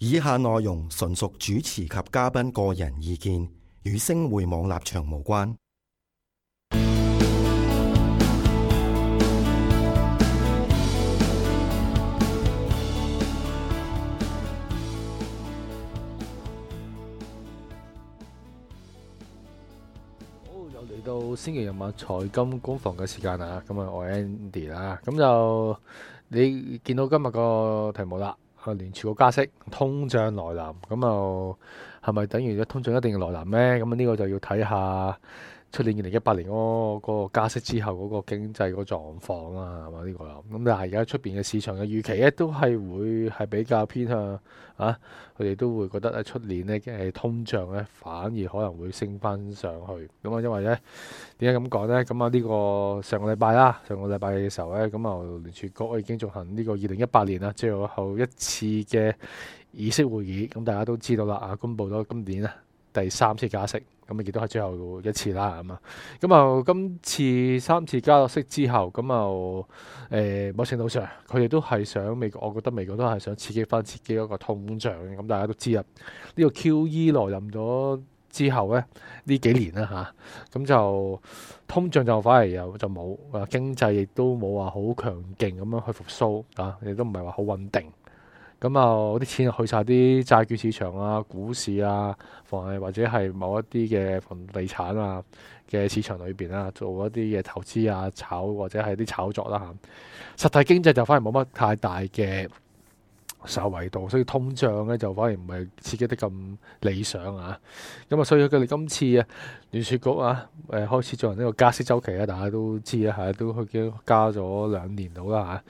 以下內容純屬主持及嘉賓個人意見，與星匯網立場無關。好，又嚟到星期日晚財金工房嘅時間啦！咁啊，我 Andy 啦，咁就你見到今日個題目啦。係聯儲加息，通脹來臨，咁又係咪等於一通脹一定來臨呢？咁呢個就要睇下。出年二零一八年嗰個加息之後嗰個經濟嗰狀況啊，係嘛呢個咁？但係而家出邊嘅市場嘅預期咧，都係會係比較偏向啊，佢哋都會覺得喺出年呢咧，誒通脹咧反而可能會升翻上去。咁啊，因為咧點解咁講咧？咁啊，呢個上個禮拜啦，上個禮拜嘅時候咧，咁啊聯儲局已經進行呢個二零一八年啦最後一次嘅議息會議。咁大家都知道啦，啊公布咗今年啊第三次加息。咁亦都係最後一次啦，咁啊，咁啊，今次三次加落息之後，咁、嗯、啊，誒、哎，某程度上，佢哋都係想美國，我覺得美國都係想刺激翻、自己嗰個通脹咁、嗯、大家都知啦。呢、這個 QE 來臨咗之後咧，呢幾年啦嚇，咁、啊嗯、就通脹就反而又就冇，經濟亦都冇話好強勁咁樣去復甦啊，亦都唔係話好穩定。咁啊，啲、嗯、錢去晒啲債券市場啊、股市啊、房或者係某一啲嘅房地產啊嘅市場裏邊啊，做一啲嘅投資啊、炒或者係啲炒作啦、啊、嚇。實體經濟就反而冇乜太大嘅受惠度，所以通脹咧就反而唔係刺激得咁理想啊。咁啊，所以佢哋今次署啊，聯儲局啊，誒開始進行呢個加息週期啊，大家都知啦，係、啊、都已經加咗兩年到啦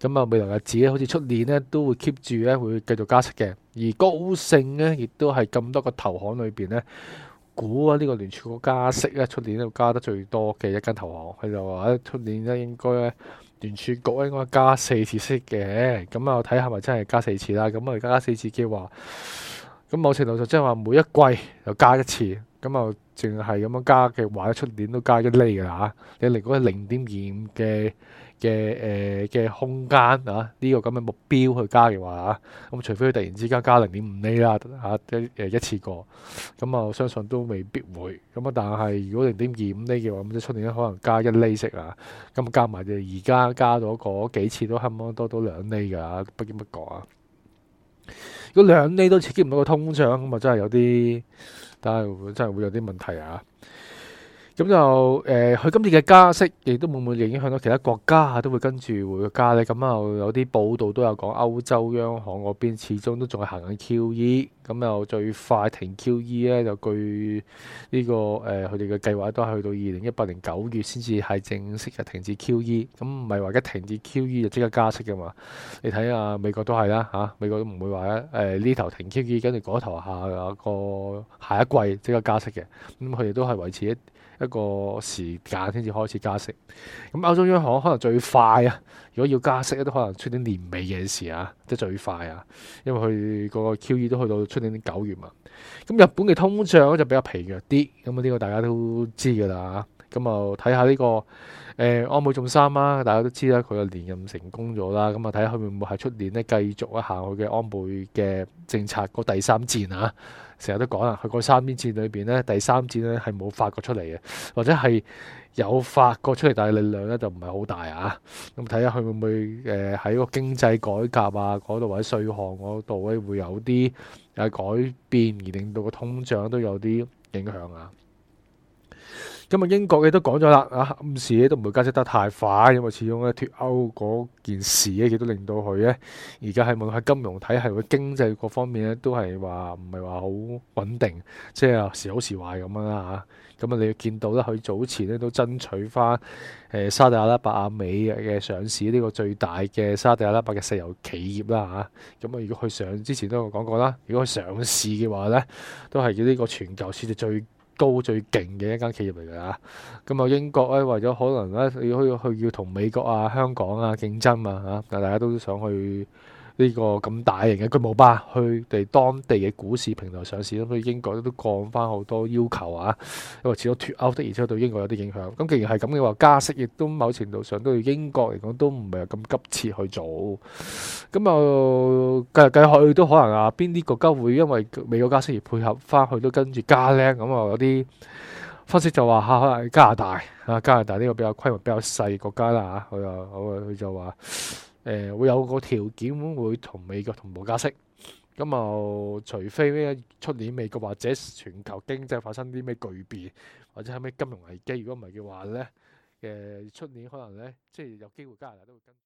嚇。咁啊，啊，未來日子好似出年呢，都會 keep 住咧，會繼續加息嘅。而高盛呢，亦都係咁多個投行裏邊呢，估啊呢個聯儲局加息咧，出、啊、年咧加得最多嘅一間投行，佢就話出年咧應該咧。聯儲局應該加四次息嘅，咁啊，睇下咪真係加四次啦。咁我加加四次嘅話。咁某程度上，即係話，每一季又加一次，咁啊，淨係咁樣加嘅話，出年都加一厘㗎吓。你如果零點二五嘅嘅誒嘅空間啊，呢個咁嘅目標去加嘅話啊，咁除非佢突然之間加零點五厘啦吓、啊，一一,一次過，咁啊，我相信都未必會。咁啊，但係如果零點二五厘嘅話，咁即出年可能加一厘息啊。咁加埋就而家加咗嗰幾次都啱啱多到兩厘㗎，不經不覺啊。如果兩厘都刺激唔到個通脹，咁啊真係有啲，但係真係會有啲問題啊！咁就誒，佢、呃、今次嘅加息亦都唔會影響到其他國家，都會跟住回會加咧。咁又有啲報道都有講歐洲央行嗰邊始終都仲係行緊 QE，咁又最快停 QE 呢，就據呢、這個誒佢哋嘅計劃都係去到二零一八年九月先至係正式嘅停止 QE。咁唔係話一停止 QE 就即刻加息嘅嘛？你睇下美國都係啦嚇，美國都唔、啊、會話誒呢頭停 QE，跟住嗰頭下、嗰個。第一季即刻加息嘅，咁佢哋都係維持一一個時間先至開始加息。咁歐洲央行可能最快啊，如果要加息咧，都可能出年年尾嘅事啊，即係最快啊，因為佢個 QE 都去到出年九月嘛。咁日本嘅通脹咧就比較疲弱啲，咁啊呢個大家都知噶啦。咁啊，睇下呢個誒安倍晉三啦，大家都知啦，佢嘅連任成功咗啦。咁啊睇下佢會唔會喺出年呢繼續一下佢嘅安倍嘅政策個第三戰啊！成日都講啊，佢個三邊戰裏邊呢，第三戰呢係冇發覺出嚟嘅，或者係有發覺出嚟，但係力量呢就唔係好大啊！咁睇下佢會唔會誒喺個經濟改革啊嗰度或者稅項嗰度咧會有啲誒改變，而令到個通脹都有啲影響啊！咁啊，英國嘅都講咗啦，啊，暗示咧都唔會加息得太快，因為始終咧脫歐嗰件事咧，亦都令到佢咧而家喺無論喺金融體系、經濟各方面咧，都係話唔係話好穩定，即係時好時壞咁樣啦、啊、嚇。咁啊，啊，你見到咧，佢早前咧都爭取翻誒沙特阿拉伯阿美嘅上市呢、這個最大嘅沙特阿拉伯嘅石油企業啦嚇。咁啊，啊，啊，如果佢上之前都有講過啦，如果佢上市嘅話咧，都係呢個全球市值最都最勁嘅一間企業嚟㗎嚇。咁啊，英國咧為咗可能咧要去去要同美國啊香港啊競爭嘛、啊、嚇，但大家都想去。呢個咁大型嘅巨無霸，去哋當地嘅股市平台上市，咁所以英國都降翻好多要求啊！因為始終脱歐的，而且對英國有啲影響。咁既然係咁嘅話，加息亦都某程度上對英國嚟講都唔係咁急切去做。咁又計計去都可能啊，邊啲國家會因為美國加息而配合翻去都跟住加呢？咁、嗯、啊、嗯、有啲分析就話嚇，可能加拿大啊，加拿大呢個比較規模比較細嘅國家啦嚇，佢又佢佢就話。誒、呃、會有個條件會同美國同步加息，咁啊除非咧出年美國或者全球經濟發生啲咩巨變，或者係咩金融危機，如果唔係嘅話呢誒出、呃、年可能呢，即係有機會加拿大都會跟。